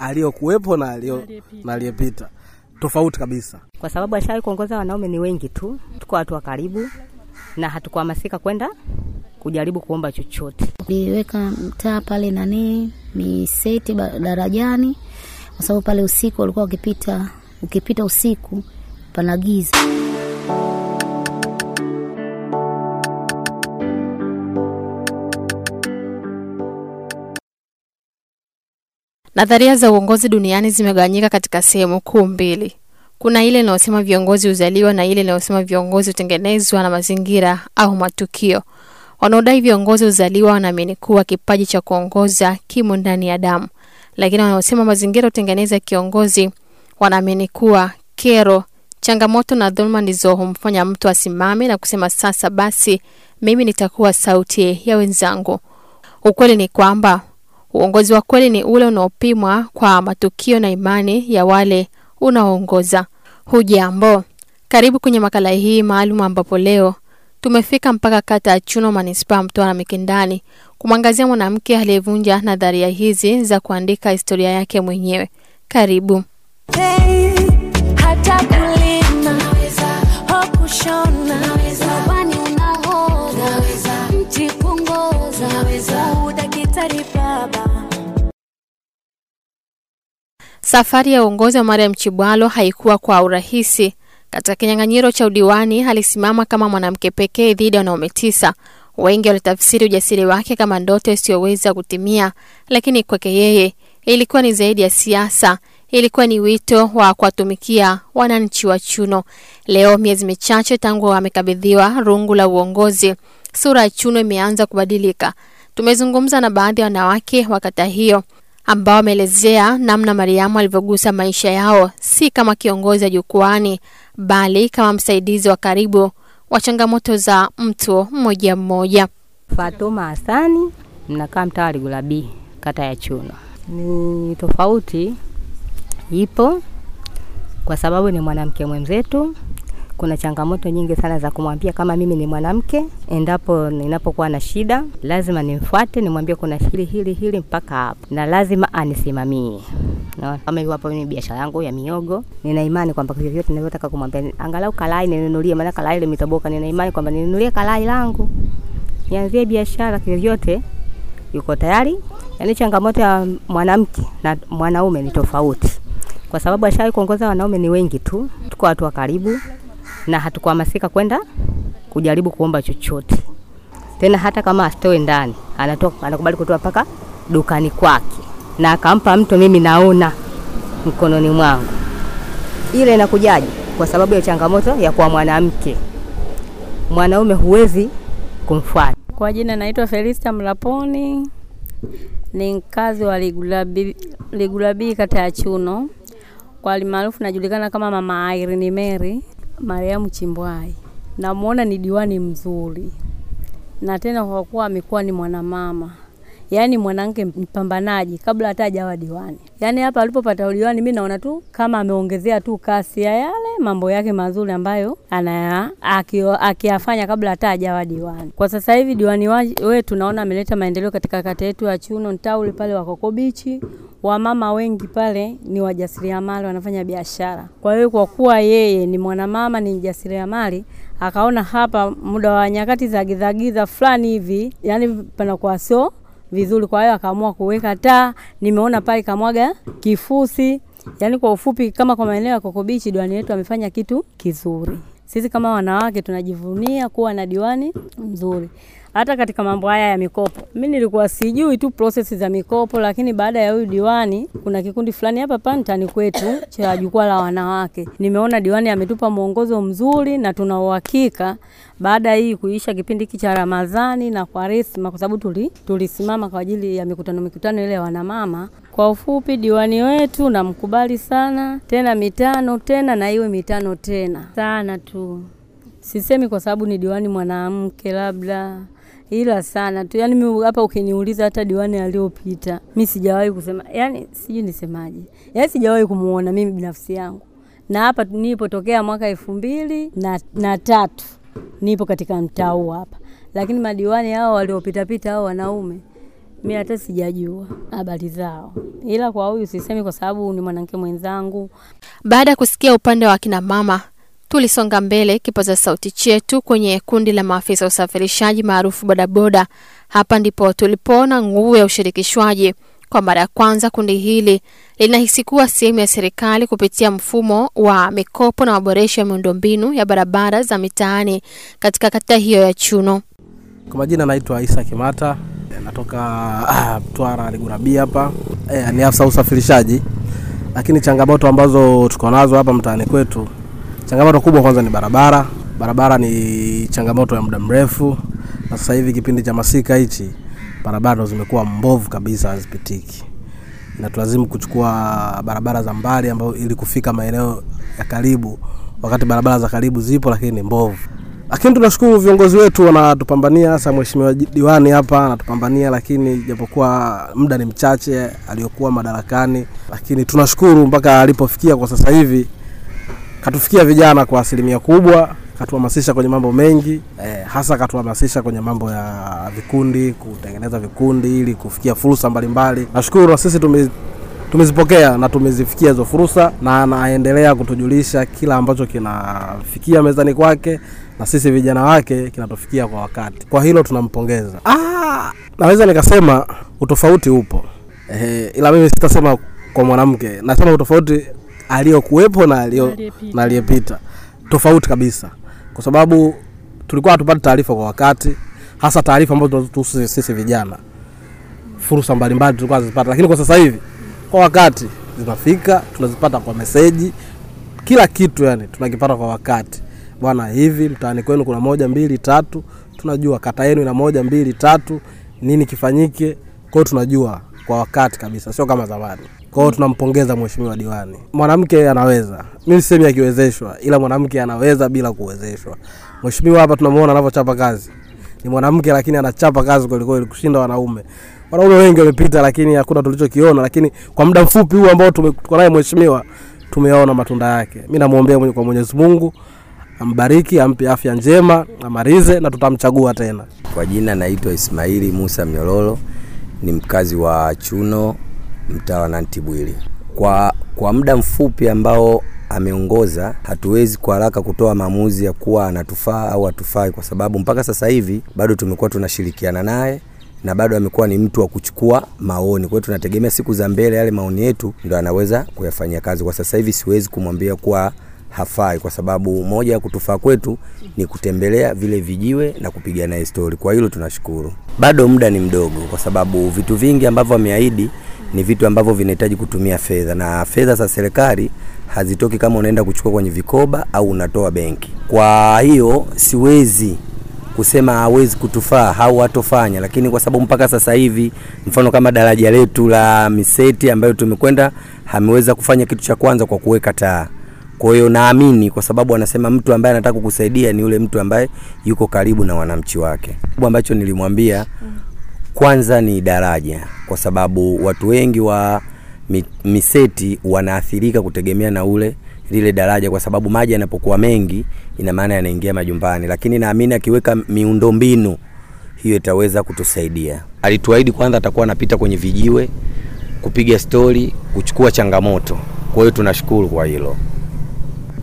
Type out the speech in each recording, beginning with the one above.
aliyokuwepo na aliyepita tofauti kabisa, kwa sababu ashawahi kuongoza wanaume ni wengi tu. Tuko watu wa karibu na hatukuhamasika kwenda kujaribu kuomba chochote. liweka mtaa pale nani miseti darajani, kwa sababu pale usiku walikuwa wakipita, ukipita usiku pana giza. Nadharia za uongozi duniani zimegawanyika katika sehemu kuu mbili. Kuna ile inayosema viongozi huzaliwa na ile inayosema viongozi hutengenezwa na mazingira au matukio. Wanaodai viongozi huzaliwa wanaamini kuwa kipaji cha kuongoza kimo ndani ya damu, lakini wanaosema mazingira hutengeneza kiongozi wanaamini kuwa kero, changamoto na dhuluma ndizo humfanya mtu asimame na kusema sasa basi, mimi nitakuwa sauti ya wenzangu. Ukweli ni kwamba Uongozi wa kweli ni ule unaopimwa kwa matukio na imani ya wale unaoongoza. Hujambo, karibu kwenye makala hii maalum ambapo leo tumefika mpaka kata ya Chuno, manispaa Mtwara Mikindani, kumwangazia mwanamke aliyevunja nadharia hizi za kuandika historia yake mwenyewe. Karibu. Hey, hata kulima, naweza, Safari ya uongozi wa Mariam Chibwalo haikuwa kwa urahisi. Katika kinyang'anyiro cha udiwani alisimama kama mwanamke pekee dhidi ya wanaume tisa. Wengi walitafsiri ujasiri wake kama ndoto isiyoweza kutimia, lakini kwake yeye ilikuwa ni zaidi ya siasa. Ilikuwa ni wito wa kuwatumikia wananchi wa Chuno. Leo, miezi michache tangu amekabidhiwa rungu la uongozi, sura ya Chuno imeanza kubadilika. Tumezungumza na baadhi ya wanawake wa kata hiyo ambao wameelezea namna Mariamu alivyogusa maisha yao, si kama kiongozi wa jukwani bali kama msaidizi wa karibu wa changamoto za mtu mmoja mmoja. Fatuma Hasani, mnakaa mtaa Ligulabi, kata ya Chuno. Ni tofauti ipo kwa sababu ni mwanamke mwenzetu kuna changamoto nyingi sana za kumwambia kama mimi ni mwanamke, endapo ninapokuwa na shida lazima nimfuate, nimwambie kuna hili hili hili mpaka hapo, na lazima anisimamie. No. Kama hivi hapo, mimi biashara yangu ya miogo, nina imani kwamba vyovyote ninavyotaka kumwambia, angalau kalai ninunulie, maana kalai limetoboka. nina imani kwamba ninunulie kalai langu, nianzie biashara, vyovyote yuko tayari. Yani changamoto ya mwanamke na mwanaume ni tofauti, kwa sababu ashawahi kuongoza, wanaume ni wengi tu, tuko watu wa karibu na hatukuhamasika kwenda kujaribu kuomba chochote tena. Hata kama astoe ndani, anatoka anakubali kutoa mpaka dukani kwake, na akampa mtu, mimi naona mkononi mwangu. Ile inakujaje? Kwa sababu ya changamoto ya kuwa mwanamke, mwanaume huwezi kumfuata. Kwa jina naitwa Felista Mlaponi, ni mkazi wa Ligulabi, Ligulabi kata ya Chuno, kwa alimaarufu najulikana kama Mama Irene Mary Mariamu Chimbwai namuona ni diwani mzuri, na tena kwa kuwa amekuwa ni mwanamama, yaani mwanamke mpambanaji kabla hata hajawa diwani. Yaani hapa alipopata udiwani, mimi naona tu kama ameongezea tu kasi ya yale mambo yake mazuri ambayo anaya akiyafanya kabla hata hajawa diwani. Kwa sasa hivi diwani wetu naona ameleta maendeleo katika kata yetu ya Chuno Ntauli pale Wakokobichi wamama wengi pale ni wajasiriamali wanafanya biashara. Kwa hiyo kwa kuwa yeye ni mwanamama, ni mjasiriamali, akaona hapa muda wa nyakati za gidhagidha fulani hivi, yani panakuwa sio vizuri. Kwa hiyo akaamua kuweka taa, nimeona pale kamwaga kifusi. Yani kwa ufupi, kama kwa maeneo ya Kokobichi, diwani wetu amefanya kitu kizuri. Sisi kama wanawake tunajivunia kuwa na diwani mzuri. Hata katika mambo haya ya mikopo, mimi nilikuwa sijui tu prosesi za mikopo, lakini baada ya huyu diwani, kuna kikundi fulani hapa pantani kwetu cha jukwaa la wanawake, nimeona diwani ametupa mwongozo mzuri, na tuna uhakika baada hii kuisha kipindi hiki cha Ramadhani na Kwaresma, kwa sababu tulisimama tuli kwa ajili ya mikutano mikutano ile ya wanamama kwa ufupi, diwani wetu namkubali sana, tena mitano tena na iwe mitano tena sana tu. Sisemi kwa sababu ni diwani mwanamke labda, ila sana tu. Yani mimi hapa ukiniuliza, hata diwani aliyopita mi sijawahi kusema, yani sijui nisemaje, yani sijawahi kumuona mimi binafsi yangu, na hapa nilipotokea mwaka elfu mbili na, na tatu nipo katika mtaa huu hapa, lakini madiwani hao waliopitapita hao wanaume mi hata sijajua habari zao, ila kwa huyu sisemi kwa sababu ni mwanamke mwenzangu. Baada ya kusikia upande wa kina mama, tulisonga mbele kipaza sauti chetu kwenye kundi la maafisa usafirishaji maarufu bodaboda. Hapa ndipo tulipoona nguvu ya ushirikishwaji. Kwa mara ya kwanza kundi hili linahisi kuwa sehemu ya serikali kupitia mfumo wa mikopo na maboresho ya miundombinu ya barabara za mitaani katika kata hiyo ya Chuno. Kwa majina naitwa Isa Kimata, natoka ah, Mtwara Ligurabi hapa eh, ni afisa usafirishaji, lakini changamoto ambazo tuko nazo hapa mtaani kwetu, changamoto kubwa kwanza ni barabara. Barabara ni changamoto ya muda mrefu, na sasa hivi kipindi cha masika hichi barabara ndo zimekuwa mbovu kabisa, hazipitiki natulazimu kuchukua barabara za mbali ambayo ili kufika maeneo ya karibu, wakati barabara za karibu zipo lakini ni mbovu lakini tunashukuru viongozi wetu wanatupambania. Hasa mheshimiwa diwani hapa anatupambania, lakini japokuwa muda ni mchache aliyokuwa madarakani, lakini tunashukuru mpaka alipofikia kwa sasa hivi, katufikia vijana kwa asilimia kubwa, katuhamasisha kwenye mambo mengi eh, hasa katuhamasisha kwenye mambo ya vikundi, kutengeneza vikundi ili kufikia fursa mbalimbali. Nashukuru na sisi tume tumezipokea na tumezifikia hizo fursa, na anaendelea kutujulisha kila ambacho kinafikia mezani kwake na sisi vijana wake kinatufikia kwa wakati. Kwa hilo tunampongeza. Ah, naweza nikasema utofauti upo eh, ila mimi sitasema kwa mwanamke, nasema utofauti aliyokuwepo na alio na aliyepita, tofauti kabisa, kwa sababu tulikuwa hatupati taarifa kwa wakati, hasa taarifa ambazo tunahusu sisi vijana, fursa mbalimbali tulikuwa tunazipata, lakini kwa sasa hivi kwa wakati zinafika, tunazipata kwa meseji, kila kitu yani tunakipata kwa wakati bwana, hivi mtaani kwenu kuna moja mbili tatu, tunajua kata yenu ina moja mbili tatu, nini kifanyike kwao, tunajua kwa wakati kabisa, sio kama zamani. Kwao tunampongeza mheshimiwa diwani. Mwanamke anaweza, mi sisemi akiwezeshwa, ila mwanamke anaweza bila kuwezeshwa. Mheshimiwa hapa tunamuona anavyochapa kazi, ni mwanamke lakini anachapa kazi kwelikweli kushinda wanaume. Wanaume wengi wamepita, lakini hakuna tulichokiona, lakini kwa muda mfupi huu ambao tumekuwa naye mheshimiwa, tumeona matunda yake. Mimi namuombea kwa Mwenyezi Mungu ambariki, ampe afya njema, amalize na tutamchagua tena. Kwa jina naitwa Ismaili Musa Mnyololo, ni mkazi wa Chuno, mtaa wa Nantibwili. Kwa, kwa muda mfupi ambao ameongoza, hatuwezi kwa haraka kutoa maamuzi ya kuwa anatufaa au hatufai, kwa sababu mpaka sasa hivi bado tumekuwa tunashirikiana naye na bado amekuwa ni mtu wa kuchukua maoni. Kwa hiyo tunategemea siku za mbele yale maoni yetu ndo anaweza kuyafanyia kazi. Kwa sasa hivi siwezi kumwambia kuwa hafai, kwa sababu moja ya kutufaa kwetu ni kutembelea vile vijiwe na kupiga naye stori. Kwa hilo tunashukuru. Bado muda ni mdogo, kwa sababu vitu vingi ambavyo ameahidi ni vitu ambavyo vinahitaji kutumia fedha, na fedha za serikali hazitoki kama unaenda kuchukua kwenye vikoba au unatoa benki. Kwa hiyo siwezi kusema hawezi kutufaa au hatofanya, lakini kwa sababu mpaka sasa hivi, mfano kama daraja letu la Miseti ambayo tumekwenda, ameweza kufanya kitu cha kwanza kwa kuweka taa kwa hiyo naamini kwa sababu anasema mtu ambaye anataka kukusaidia ni yule mtu ambaye yuko karibu na wanamchi wake. Kubwa ambacho nilimwambia kwanza ni daraja, kwa sababu watu wengi wa miseti wanaathirika kutegemea na ule lile daraja, kwa sababu maji yanapokuwa mengi, ina maana yanaingia majumbani, lakini naamini akiweka miundombinu hiyo itaweza kutusaidia. Alituahidi kwanza atakuwa anapita kwenye vijiwe kupiga stori, kuchukua changamoto. Kwa hiyo tunashukuru kwa hilo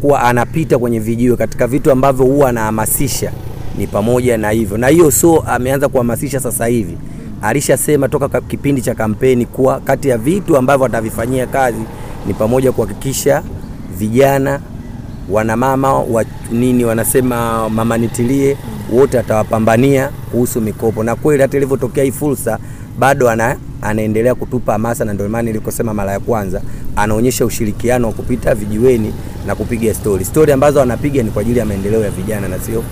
kuwa anapita kwenye vijiwe katika vitu ambavyo huwa anahamasisha ni pamoja na hivyo, na hiyo so ameanza kuhamasisha sasa hivi. Alishasema toka kipindi cha kampeni kuwa kati ya vitu ambavyo atavifanyia kazi ni pamoja kuhakikisha vijana wanamama wa nini wanasema mama nitilie wote atawapambania kuhusu mikopo, na kweli hata ilivyotokea hii fursa bado ana anaendelea kutupa hamasa, na ndio maana nilikosema mara ya kwanza, anaonyesha ushirikiano wa kupita vijiweni na kupiga stori. Stori ambazo anapiga ni kwa ajili ya maendeleo ya vijana na sio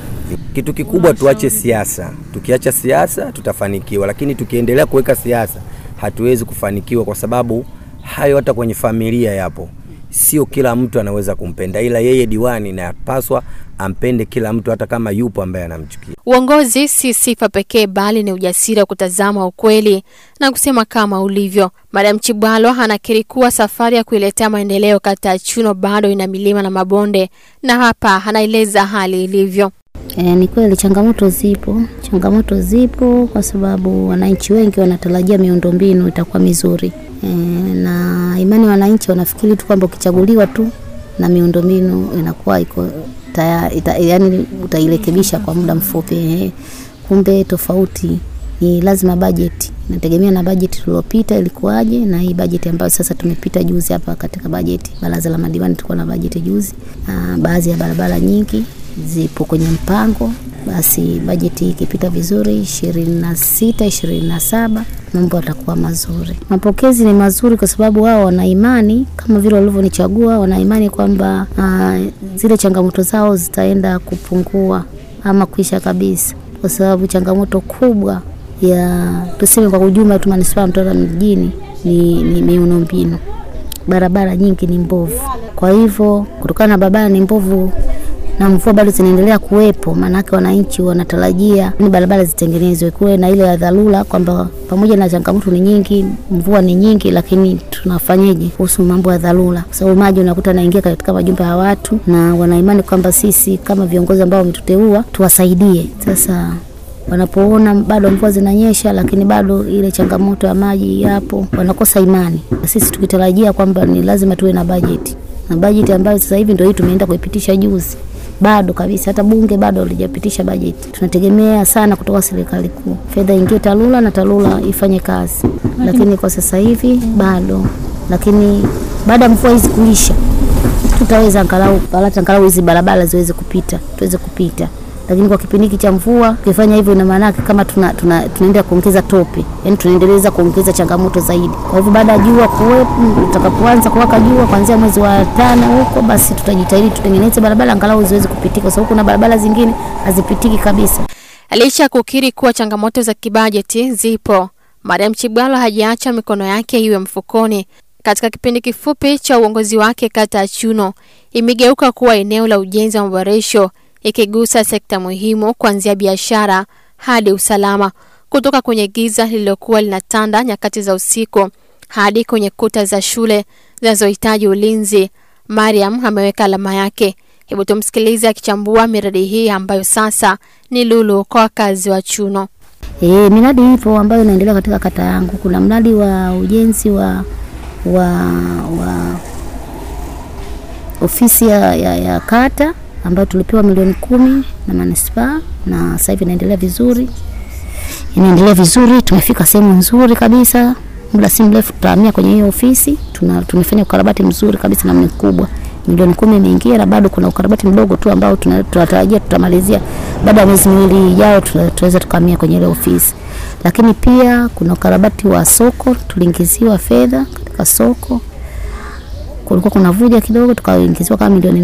kitu kikubwa. Tuache siasa, tukiacha siasa tutafanikiwa, lakini tukiendelea kuweka siasa hatuwezi kufanikiwa, kwa sababu hayo hata kwenye familia yapo sio kila mtu anaweza kumpenda, ila yeye diwani napaswa ampende kila mtu, hata kama yupo ambaye anamchukia. Uongozi si sifa pekee, bali ni ujasiri wa kutazama ukweli na kusema kama ulivyo. Madam Chibwalo anakiri kuwa safari ya kuiletea maendeleo kata ya Chuno bado ina milima na mabonde, na hapa anaeleza hali ilivyo. E, ni kweli changamoto zipo, changamoto zipo kwa sababu wananchi wengi wanatarajia miundombinu itakuwa mizuri e, na imani wananchi wanafikiri tu kwamba ukichaguliwa tu na miundombinu inakuwa iko tayari, yaani utairekebisha kwa muda mfupi e, kumbe tofauti ni lazima bajeti nategemea na bajeti tuliyopita ilikuwaje na hii bajeti ambayo sasa tumepita juzi hapa katika bajeti baraza la madiwani tulikuwa na bajeti juzi baadhi ya barabara nyingi zipo kwenye mpango. Basi bajeti ikipita vizuri, 26 27, mambo yatakuwa mazuri. Mapokezi ni mazuri, kwa sababu wao wana imani kama vile walivyonichagua, wana imani kwamba uh, zile changamoto zao zitaenda kupungua ama kuisha kabisa, kwa sababu changamoto kubwa ya tuseme kwa ujumla tu manispaa ya mjini ni, ni miundombinu. Barabara nyingi ni mbovu, kwa hivyo kutokana na barabara ni mbovu, na mvua bado zinaendelea kuwepo, maanake wananchi wanatarajia ni barabara zitengenezwe, kuwe na ile ya dharura kwamba pamoja na changamoto ni nyingi, mvua ni nyingi, lakini tunafanyeje kuhusu mambo ya dharura, kwa sababu maji unakuta anaingia katika majumba ya watu, na wanaimani kwamba sisi kama viongozi ambao wametuteua tuwasaidie. Sasa wanapoona bado mvua zinanyesha, lakini bado ile changamoto ya maji yapo, wanakosa imani. na Sisi tukitarajia kwamba ni lazima tuwe na bajeti na bajeti ambayo sasa hivi ndio hii tumeenda kuipitisha juzi bado kabisa, hata bunge bado halijapitisha bajeti. Tunategemea sana kutoka serikali kuu, fedha ingie TARURA na TARURA ifanye kazi, lakini kwa sasa hivi bado. Lakini baada ya mvua hizi kuisha, tutaweza angalau angalau hizi barabara ziweze kupita, tuweze kupita lakini kwa kipindi hiki cha mvua ukifanya hivyo, ina maana kama tuna, tuna, tunaenda kuongeza tope, yani tunaendeleza kuongeza changamoto zaidi. Kwa hivyo baada ya jua kuwepo, tutakapoanza kuwaka jua kuanzia mwezi wa tano huko, basi tutajitahidi tutengeneze barabara angalau ziweze kupitika, kwa sababu kuna barabara zingine hazipitiki kabisa. Licha ya kukiri kuwa changamoto za kibajeti zipo, Mariam Chibwalo hajaacha mikono yake iwe mfukoni. Katika kipindi kifupi cha uongozi wake, kata ya Chuno imegeuka kuwa eneo la ujenzi wa maboresho ikigusa sekta muhimu kuanzia biashara hadi usalama, kutoka kwenye giza lililokuwa linatanda nyakati za usiku hadi kwenye kuta za shule zinazohitaji ulinzi. Mariam ameweka alama yake. Hebu tumsikilize akichambua miradi hii ambayo sasa ni lulu kwa wakazi wa Chuno. E, miradi ipo ambayo inaendelea katika kata yangu. Kuna mradi wa ujenzi wa, wa, wa ofisi ya, ya, ya kata ambayo tulipewa milioni kumi na manispaa, na sasa hivi inaendelea vizuri, inaendelea vizuri. Tumefika sehemu nzuri kabisa, muda si mrefu tutahamia kwenye hiyo ofisi. Tuna, tumefanya ukarabati mzuri kabisa na mkubwa, milioni kumi imeingia, na bado kuna ukarabati mdogo tu ambao tunatarajia tutamalizia baada ya miezi miwili ijayo, tunaweza tukahamia kwenye ile ofisi. Lakini pia kuna ukarabati wa soko, tuliingiziwa fedha katika soko kulikuwa kuna vuja kidogo, tukaingiziwa kama milioni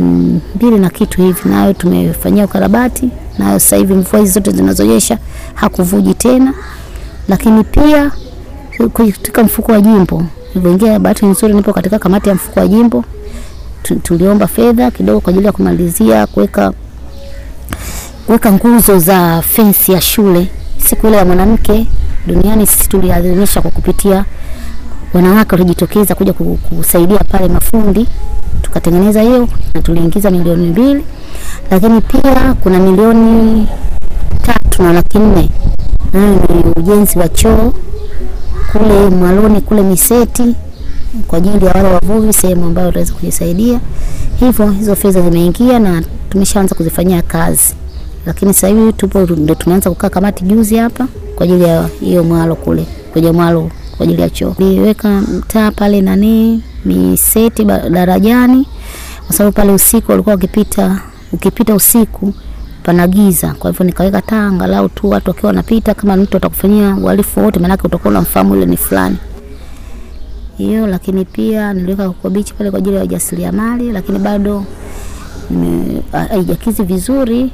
mbili na kitu hivi, nayo tumefanyia ukarabati nayo. Sasa hivi mvua hizi zote zinazonyesha hakuvuji tena, lakini pia katika mfuko wa jimbo nilivyoingia, bahati nzuri nipo katika kamati ya mfuko wa jimbo, tuliomba fedha kidogo kwa ajili ya kumalizia kuweka weka nguzo za fensi ya shule. Siku ile ya mwanamke duniani sisi tuliadhimisha kwa kupitia wanawake walijitokeza kuja kusaidia pale mafundi, tukatengeneza hiyo na tuliingiza milioni mbili, lakini pia kuna milioni tatu na laki nne ni ujenzi wa choo kule Mwaloni kule Miseti kwa ajili ya wale wavuvi, sehemu ambayo wataweza kujisaidia. Hivyo hizo fedha zimeingia na tumeshaanza kuzifanyia kazi, lakini sasa hivi tupo ndio tumeanza kukaa kamati juzi hapa kwa ajili ya hiyo mwalo kule kwenye mwalo kwa ajili ya choo. Niweka mtaa pale nani miseti darajani, kwa sababu pale usiku walikuwa wakipita, ukipita usiku pana giza. Kwa hivyo nikaweka taa angalau tu watu wakiwa wanapita, kama mtu atakufanyia uhalifu wote, maanake utakuwa unamfahamu yule ni fulani hiyo. Lakini pia niliweka kwa bichi pale kwa ajili ya ujasiriamali, lakini bado haijakizi vizuri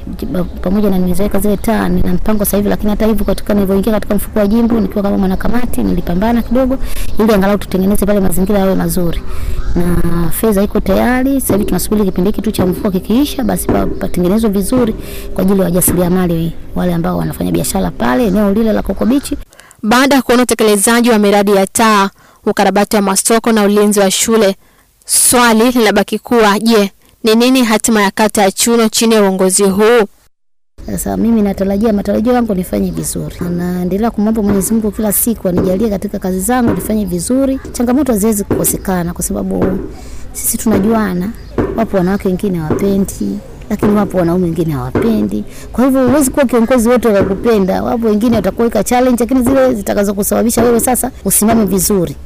pamoja na nimeweka zile taa, na mpango sasa hivi. Lakini hata hivyo, katika nilivyoingia katika mfuko wa jimbo nikiwa kama mwanakamati, nilipambana kidogo ili angalau tutengeneze pale mazingira yawe mazuri, na fedha iko tayari. Sasa hivi tunasubiri kipindi hiki tu cha mfuko kikiisha, basi patengenezwe vizuri kwa ajili ya wajasiriamali wale ambao wanafanya biashara pale eneo lile la Coco Beach. Baada ya kuona utekelezaji wa miradi ya taa, ukarabati wa masoko na ulinzi wa shule, swali linabaki kuwa je, yeah. Ni nini hatima ya kata ya Chuno chini ya uongozi huu? Sasa mimi natarajia, matarajio yangu nifanye vizuri. Naendelea kumwomba Mwenyezi Mungu kila siku anijalie katika kazi zangu nifanye vizuri. Changamoto haziwezi kukosekana, kwa sababu sisi tunajuana. Wapo wanawake wengine hawapendi, lakini wapo wanaume wengine hawapendi. Kwa hivyo huwezi kuwa kiongozi wote wakupenda. Wapo wengine watakuweka challenge, lakini zile zitakazokusababisha wewe sasa usimame vizuri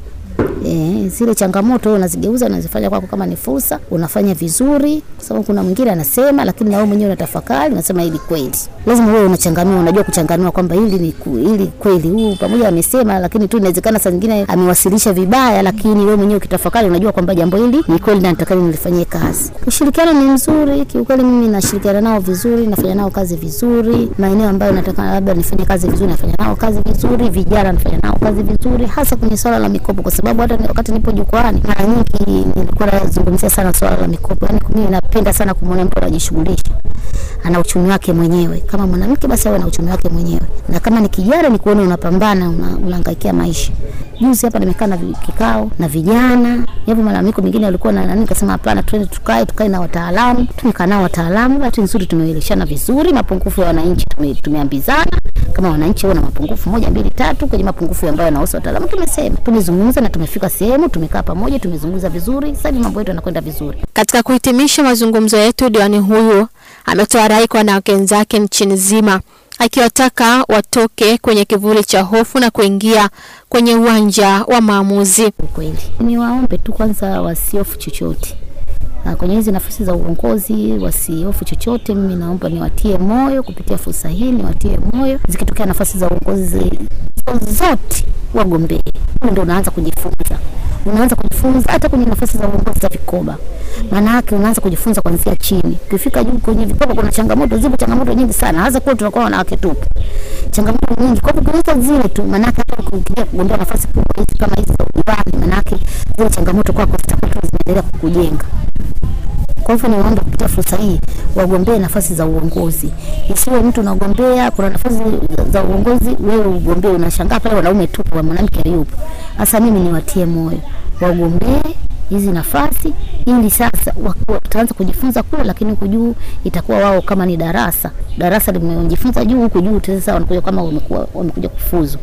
Eh, zile changamoto unazigeuza unazifanya kwako kama ni fursa, unafanya vizuri, kwa sababu kuna mwingine anasema, lakini na wewe mwenyewe unatafakari, unasema hili kweli. Lazima wewe unachanganua, unajua kuchanganua kwamba hili ni hili kweli, huu pamoja amesema, lakini tu inawezekana saa nyingine amewasilisha vibaya, lakini wewe mwenyewe ukitafakari, unajua kwamba jambo hili ni kweli na nataka nilifanyie kazi. Ushirikiano ni mzuri kiukweli, mimi nashirikiana nao vizuri, nafanya nao kazi vizuri, maeneo ambayo nataka labda nifanye kazi vizuri, nafanya nao kazi vizuri, vijana nafanya nao kazi vizuri, hasa kwenye swala la mikopo kwa sababu hata wakati nipo jukwani, mara nyingi nilikuwa nazungumzia sana swala la mikopo. Yani mimi napenda sana kumwona mtu anajishughulisha, ana uchumi wake mwenyewe. Kama mwanamke, basi awe na uchumi wake mwenyewe, na kama ni kijana, ni kuona unapambana, unahangaikia maisha. Juzi hapa nimekaa na kikao na vijana, yapo malalamiko mengine yalikuwa na nani, nikasema hapana, twende tukae tukae na wataalamu. Tumekaa nao wataalamu, bahati nzuri tumeeleshana vizuri, mapungufu ya wananchi tumeambizana tume, kama wananchi wana mapungufu moja mbili tatu kwenye mapungufu ambayo yanahusu wataalamu. Tumesema, tumezungumza na tumefika sehemu, tumekaa pamoja, tumezungumza vizuri, sasa mambo yetu yanakwenda vizuri. Katika kuhitimisha mazungumzo yetu, diwani huyu ametoa rai kwa wanawake wenzake nchini nzima akiwataka watoke kwenye kivuli cha hofu na kuingia kwenye uwanja wa maamuzi. Kweli niwaombe tu kwanza wasiofu chochote Ah, kwenye hizi nafasi za uongozi wasiofu chochote. Mimi naomba niwatie moyo kupitia fursa hii, niwatie moyo. Zikitokea nafasi za uongozi zote wagombee. Ndio unaanza kujifunza, unaanza kujifunza hata kwenye nafasi za uongozi za vikoba. Maanake unaanza kujifunza kuanzia chini. Ukifika juu kwenye vikopo kuna changamoto, zipo changamoto nyingi sana. Hasa kwa tunakuwa wanawake tu. Changamoto nyingi. Kwa hiyo kuweza zile tu maanake hata ukiingia kugombea nafasi kubwa hizi kama hizi za udiwani maanake zile changamoto kwako zitakuwa zinaendelea kukujenga. Kwa hivyo niwaombe kupitia fursa hii wagombee nafasi za uongozi. Isiwe mtu unagombea kuna nafasi za uongozi wewe ugombee, unashangaa pale wanaume tu, mwanamke hayupo. Hasa mimi niwatie moyo wagombee hizi nafasi ili sasa wataanza kujifunza kule, lakini huku juu itakuwa wao kama ni darasa darasa limejifunza juu, huku juu sasa wanakuja kama wamekuwa wamekuja kufuzu.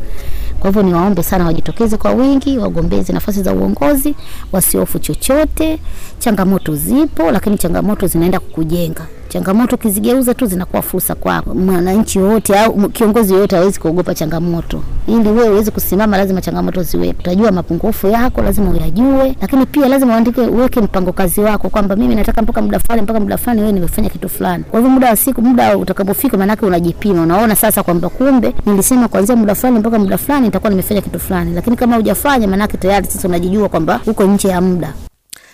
Kwa hivyo niwaombe sana wajitokeze kwa wingi, wagombezi nafasi za uongozi, wasiofu chochote. Changamoto zipo, lakini changamoto zinaenda kukujenga. Changamoto ukizigeuza tu zinakuwa fursa kwa mwananchi wote au kiongozi yoyote, hawezi kuogopa changamoto. Ili wewe uweze kusimama, lazima changamoto ziwepo. Utajua mapungufu yako, lazima uyajue, lakini pia lazima uandike, uweke mpango kazi wako kwamba mimi nataka mpaka muda fulani, mpaka muda fulani wewe nimefanya kitu fulani. Kwa hivyo muda wa siku, muda utakapofika, maanake unajipima, unaona sasa kwamba kumbe nilisema kuanzia muda fulani mpaka muda fulani nitakuwa nimefanya kitu fulani, lakini kama hujafanya, maanake tayari sasa unajijua kwamba uko nje ya muda.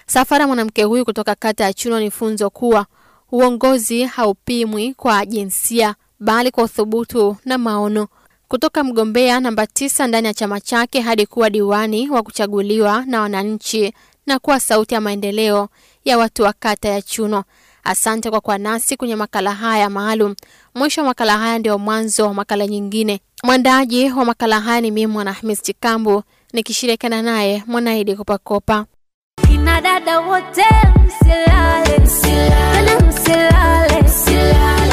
Safara mwanamke huyu kutoka kata ya Chuno ni funzo kuwa Uongozi haupimwi kwa jinsia bali kwa uthubutu na maono. Kutoka mgombea namba tisa ndani ya chama chake hadi kuwa diwani wa kuchaguliwa na wananchi na kuwa sauti ya maendeleo ya watu wa kata ya Chuno. Asante kwa kuwa nasi kwenye makala haya maalum. Mwisho wa makala haya ndio mwanzo wa makala nyingine. Mwandaji wa makala haya ni mimi Mwanahamis Chikambu nikishirikiana naye Mwanaidi Kopakopa. Inadada wote msilale, msilale, msilale, msilale.